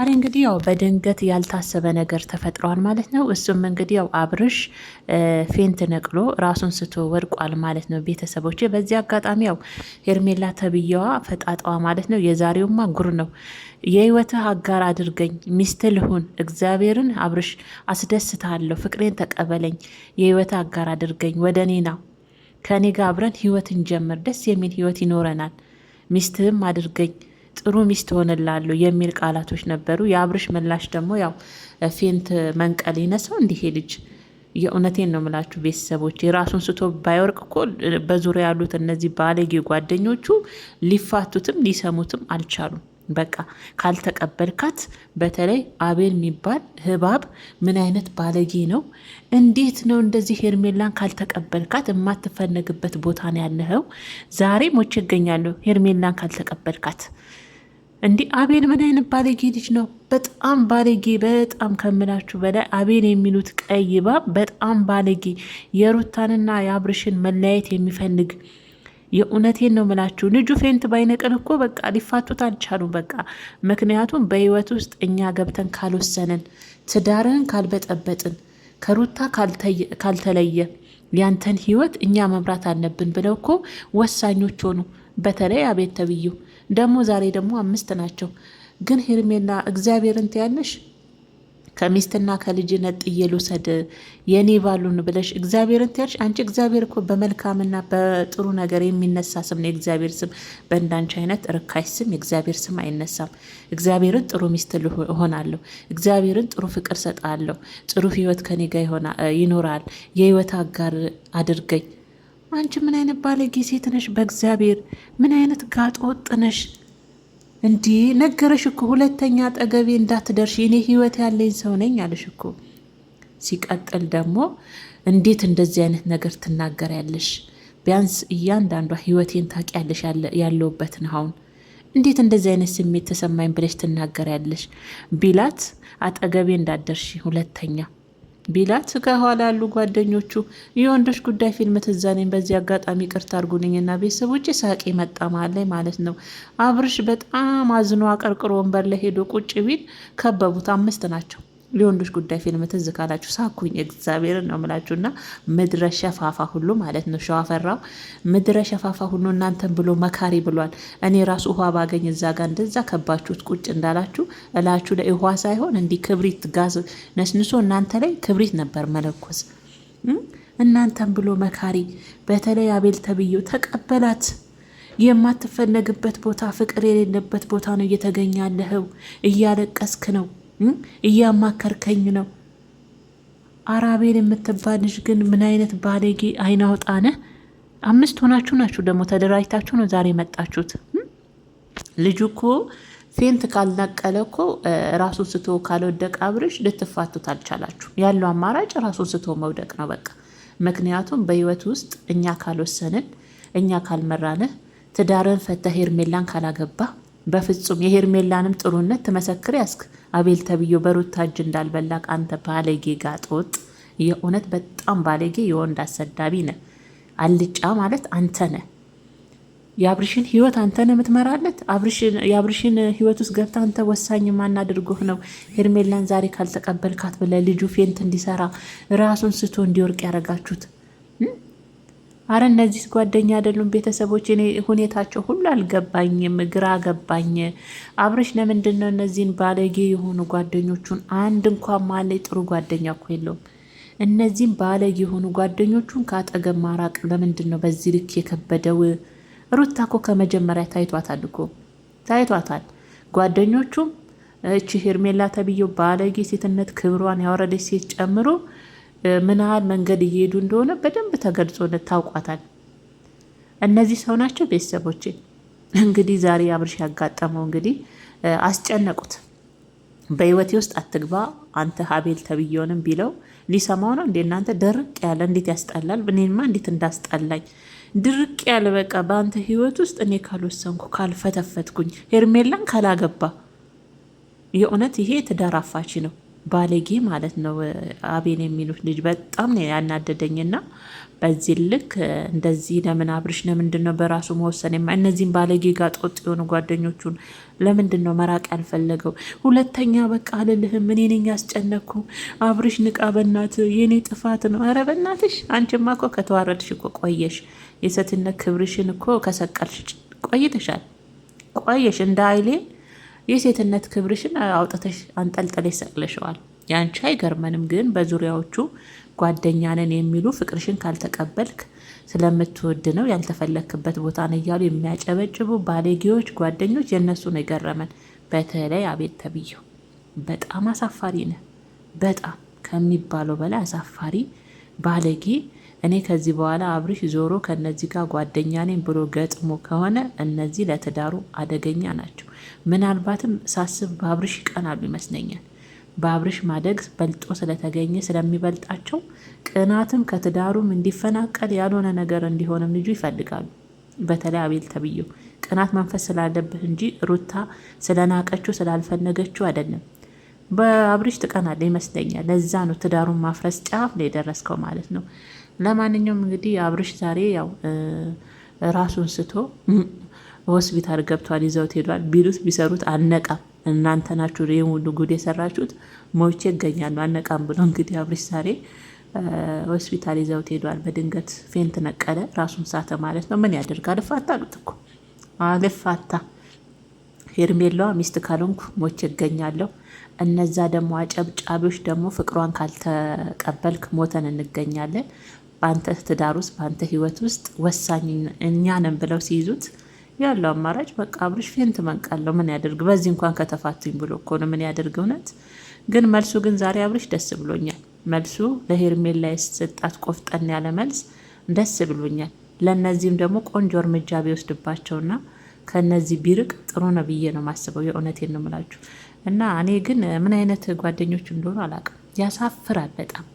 ዛሬ እንግዲህ ያው በድንገት ያልታሰበ ነገር ተፈጥሯል ማለት ነው። እሱም እንግዲህ ያው አብርሽ ፌንት ነቅሎ ራሱን ስቶ ወድቋል ማለት ነው። ቤተሰቦች በዚህ አጋጣሚ ያው ሄርሜላ ተብዬዋ ፈጣጣዋ ማለት ነው። የዛሬውማ ጉር ነው። የህይወትህ አጋር አድርገኝ፣ ሚስት ልሁን፣ እግዚአብሔርን አብርሽ አስደስታለሁ፣ ፍቅሬን ተቀበለኝ፣ የህይወትህ አጋር አድርገኝ፣ ወደ እኔ ና፣ ከእኔ ጋር አብረን ህይወት እንጀምር፣ ደስ የሚል ህይወት ይኖረናል፣ ሚስትህም አድርገኝ ጥሩ ሚስት ሆንላለሁ የሚል ቃላቶች ነበሩ። የአብርሽ ምላሽ ደግሞ ያው ፌንት መንቀል ይነሳው እንዲሄ ልጅ የእውነቴን ነው የምላችሁ ቤተሰቦች፣ የራሱን ስቶ ባይወርቅ እኮ በዙሪያ ያሉት እነዚህ ባለጌ ጓደኞቹ ሊፋቱትም ሊሰሙትም አልቻሉም። በቃ ካልተቀበልካት፣ በተለይ አቤል የሚባል ህባብ ምን አይነት ባለጌ ነው! እንዴት ነው እንደዚህ ሄርሜላን ካልተቀበልካት የማትፈለግበት ቦታ ነው ያለኸው? ዛሬ ሞቼ እገኛለሁ ሄርሜላን ካልተቀበልካት እንዲህ አቤል ምን አይነት ባለጌ ልጅ ነው? በጣም ባለጌ፣ በጣም ከምላችሁ በላይ አቤል የሚሉት ቀይ ባ በጣም ባለጌ፣ የሩታንና የአብርሽን መለያየት የሚፈልግ የእውነቴን ነው ምላችሁ። ልጁ ፌንት ባይነቅል እኮ በቃ ሊፋቱት አልቻሉም። በቃ ምክንያቱም በህይወት ውስጥ እኛ ገብተን ካልወሰንን፣ ትዳርህን ካልበጠበጥን፣ ከሩታ ካልተለየ ያንተን ህይወት እኛ መምራት አለብን ብለው እኮ ወሳኞች ሆኑ። በተለይ አቤት ተብዬው ደግሞ ዛሬ ደግሞ አምስት ናቸው። ግን ሄርሜላ እግዚአብሔርን ትያለሽ ከሚስትና ከልጅ ነጥዬ ልውሰድ የኔ ባሉን ብለሽ እግዚአብሔርን ትያለሽ። አንቺ እግዚአብሔር እኮ በመልካምና በጥሩ ነገር የሚነሳ ስም ነው የእግዚአብሔር ስም። በእንዳንቺ አይነት ርካሽ ስም የእግዚአብሔር ስም አይነሳም። እግዚአብሔርን ጥሩ ሚስት እሆናለሁ፣ እግዚአብሔርን ጥሩ ፍቅር ሰጣለሁ፣ ጥሩ ህይወት ከኔ ጋ ይኖራል፣ የህይወት አጋር አድርገኝ አንቺ ምን አይነት ባለጌ ሴት ነሽ? በእግዚአብሔር ምን አይነት ጋጠወጥ ነሽ? እንዲህ ነገረሽ እኮ ሁለተኛ አጠገቤ እንዳትደርሽ፣ እኔ ህይወት ያለኝ ሰው ነኝ አለሽ እኮ። ሲቀጥል ደግሞ እንዴት እንደዚህ አይነት ነገር ትናገሪያለሽ? ቢያንስ እያንዳንዷ ህይወቴን ታውቂያለሽ፣ ያለውበትን አሁን እንዴት እንደዚህ አይነት ስሜት ተሰማኝ ብለሽ ትናገሪያለሽ ቢላት አጠገቤ እንዳትደርሽ ሁለተኛ ቢላት ከኋላ ያሉ ጓደኞቹ የወንዶች ጉዳይ ፊልም ትዛኔን በዚህ አጋጣሚ ቅርት አድርጉልኝና ቤተሰቦች ሳቄ መጣ መሀል ላይ ማለት ነው። አብርሽ በጣም አዝኖ አቀርቅሮ ወንበር ለሄዶ ቁጭ ቢል ከበቡት። አምስት ናቸው። የወንዶች ጉዳይ ፊልም ትዝ ካላችሁ ሳኩኝ እግዚአብሔርን ነው የምላችሁና ምድረ ሸፋፋ ሁሉ ማለት ነው። ሸዋፈራው ምድረ ሸፋፋ ሁሉ እናንተን ብሎ መካሪ ብሏል። እኔ ራሱ ውሃ ባገኝ እዛ ጋር እንደዛ ከባችሁት ቁጭ እንዳላችሁ እላችሁ ላይ ውሃ ሳይሆን እንዲህ ክብሪት ጋዝ ነስንሶ እናንተ ላይ ክብሪት ነበር መለኮስ። እናንተን ብሎ መካሪ። በተለይ አቤል ተብዬው ተቀበላት። የማትፈለግበት ቦታ፣ ፍቅር የሌለበት ቦታ ነው እየተገኛለህው፣ እያለቀስክ ነው እያማከርከኝ ነው። አራቤል የምትባልሽ ግን ምን አይነት ባለጌ አውጣነ አምስት ሆናችሁ ናችሁ ደግሞ ተደራጅታችሁ ነው ዛሬ መጣችሁት። ልጁ እኮ ፌንት ካልነቀለ እኮ ራሱ ስቶ ካልወደቀ አብርሽ ልትፋቱት አልቻላችሁ። ያለው አማራጭ ራሱ ስቶ መውደቅ ነው በቃ። ምክንያቱም በህይወት ውስጥ እኛ ካልወሰንን፣ እኛ ካልመራንህ፣ ትዳርን ፈተህ ሄርሜላን ካላገባ በፍጹም የሄርሜላንም ጥሩነት ትመሰክር ያስክ አቤል ተብዮ በሩታ እጅ እንዳልበላክ አንተ ባለጌ ጋጦጥ፣ የእውነት በጣም ባለጌ የወንድ አሰዳቢ ነ አልጫ ማለት አንተ ነ የአብርሽን ህይወት አንተ ምትመራለት የምትመራለት። የአብርሽን ህይወት ውስጥ ገብታ አንተ ወሳኝ ማናድርጎህ ነው። ሄርሜላን ዛሬ ካልተቀበልካት ብለ ልጁ ፌንት እንዲሰራ ራሱን ስቶ እንዲወርቅ ያደረጋችሁት አረ እነዚህ ጓደኛ አይደሉም ቤተሰቦች፣ እኔ ሁኔታቸው ሁሉ አልገባኝም፣ ግራ ገባኝ። አብረሽ ለምንድን ነው እነዚህን ባለጌ የሆኑ ጓደኞቹን አንድ እንኳን ማለይ ጥሩ ጓደኛ እኮ የለውም። እነዚህም ባለጌ የሆኑ ጓደኞቹን ከአጠገብ ማራቅ ለምንድን ነው በዚህ ልክ የከበደው? ሩታ እኮ ከመጀመሪያ ታይቷታል እኮ ታይቷታል። ጓደኞቹም እቺ ሄርሜላ ተብዬው ባለጌ ሴትነት ክብሯን ያወረደች ሴት ጨምሮ ምን ያህል መንገድ እየሄዱ እንደሆነ በደንብ ተገልጾ ታውቋታል። እነዚህ ሰው ናቸው ቤተሰቦቼ። እንግዲህ ዛሬ አብርሽ ያጋጠመው እንግዲህ አስጨነቁት። በህይወቴ ውስጥ አትግባ አንተ ሀቤል ተብዬውንም ቢለው ሊሰማው ነው እንዴ? እናንተ ድርቅ ያለ እንዴት ያስጠላል! እኔማ እንዴት እንዳስጠላኝ ድርቅ ያለ በቃ በአንተ ህይወት ውስጥ እኔ ካልወሰንኩ ካልፈተፈትኩኝ ሄርሜላን ካላገባ የእውነት ይሄ ትዳር አፋች ነው። ባለጌ ማለት ነው። አቤን የሚሉት ልጅ በጣም ነው ያናደደኝና በዚህ ልክ እንደዚህ ለምን አብርሽ ለምንድን ነው በራሱ መወሰን የማ እነዚህም ባለጌ ጋጠወጥ የሆኑ ጓደኞቹን ለምንድን ነው መራቅ ያልፈለገው? ሁለተኛ በቃ አልልህም እኔ ነኝ ያስጨነኩ። አብርሽ ንቃ፣ በናት የኔ ጥፋት ነው። ኧረ በእናትሽ አንቺማ እኮ ከተዋረድሽ እኮ ቆየሽ። የሴትነት ክብርሽን እኮ ከሰቀልሽ ቆይተሻል፣ ቆየሽ እንደ አይሌ የሴትነት ክብርሽን አውጥተሽ አንጠልጥለሽ ሰቅለሽዋል። ያንቺ አይገርመንም፣ ግን በዙሪያዎቹ ጓደኛ ነን የሚሉ ፍቅርሽን ካልተቀበልክ ስለምትወድ ነው ያልተፈለክበት ቦታ ነው እያሉ የሚያጨበጭቡ ባለጌዎች ጓደኞች የእነሱ ነው የገረመን። በተለይ አቤት ተብዬው በጣም አሳፋሪ ነህ፣ በጣም ከሚባለው በላይ አሳፋሪ ባለጌ። እኔ ከዚህ በኋላ አብርሽ ዞሮ ከነዚህ ጋር ጓደኛ ነኝ ብሎ ገጥሞ ከሆነ እነዚህ ለትዳሩ አደገኛ ናቸው። ምናልባትም ሳስብ በአብርሽ ይቀናሉ ይመስለኛል። በአብርሽ ማደግ በልጦ ስለተገኘ ስለሚበልጣቸው ቅናትም ከትዳሩም እንዲፈናቀል ያልሆነ ነገር እንዲሆንም ልጁ ይፈልጋሉ። በተለይ አቤል ተብዬው ቅናት መንፈስ ስላለብህ እንጂ ሩታ ስለናቀችው ስላልፈለገችው አይደለም። በአብርሽ ትቀናለ ይመስለኛል። ለዛ ነው ትዳሩን ማፍረስ ጫፍ ላይ የደረስከው ማለት ነው። ለማንኛውም እንግዲህ አብርሽ ዛሬ ያው ራሱን ስቶ ሆስፒታል ገብቷል ይዘውት ሄዷል ቢሉት ቢሰሩት አልነቃም። እናንተ ናችሁ ይህን ሁሉ ጉድ የሰራችሁት፣ ሞቼ ይገኛሉ አነቃም ብሎ እንግዲህ አብሪሽ ዛሬ ሆስፒታል ይዘውት ሄዷል። በድንገት ፌንት ነቀለ፣ ራሱን ሳተ ማለት ነው። ምን ያደርጋል? ፋታ አሉት እኮ አልፋታ ሄርሜላዋ ሚስት ካልሆንኩ ሞቼ ይገኛለሁ። እነዛ ደግሞ አጨብጫቢዎች ደግሞ ፍቅሯን ካልተቀበልክ ሞተን እንገኛለን። በአንተ ትዳር ውስጥ በአንተ ህይወት ውስጥ ወሳኝ እኛ ነን ብለው ሲይዙት ያለው አማራጭ በቃ አብርሽ ፌንት መንቃለው ምን ያደርግ፣ በዚህ እንኳን ከተፋቱኝ ብሎ እኮ ነው ምን ያደርግ። እውነት ግን መልሱ ግን ዛሬ አብርሽ ደስ ብሎኛል። መልሱ ላይ ስጣት ቆፍጠን ያለ መልስ ደስ ብሎኛል። ለእነዚህም ደግሞ ቆንጆ እርምጃ ቢወስድባቸውና ከነዚህ ቢርቅ ጥሩ ነው ብዬ ነው ማስበው የእውነቴን ነው የምላችሁ። እና እኔ ግን ምን አይነት ጓደኞች እንደሆኑ አላውቅም። ያሳፍራል በጣም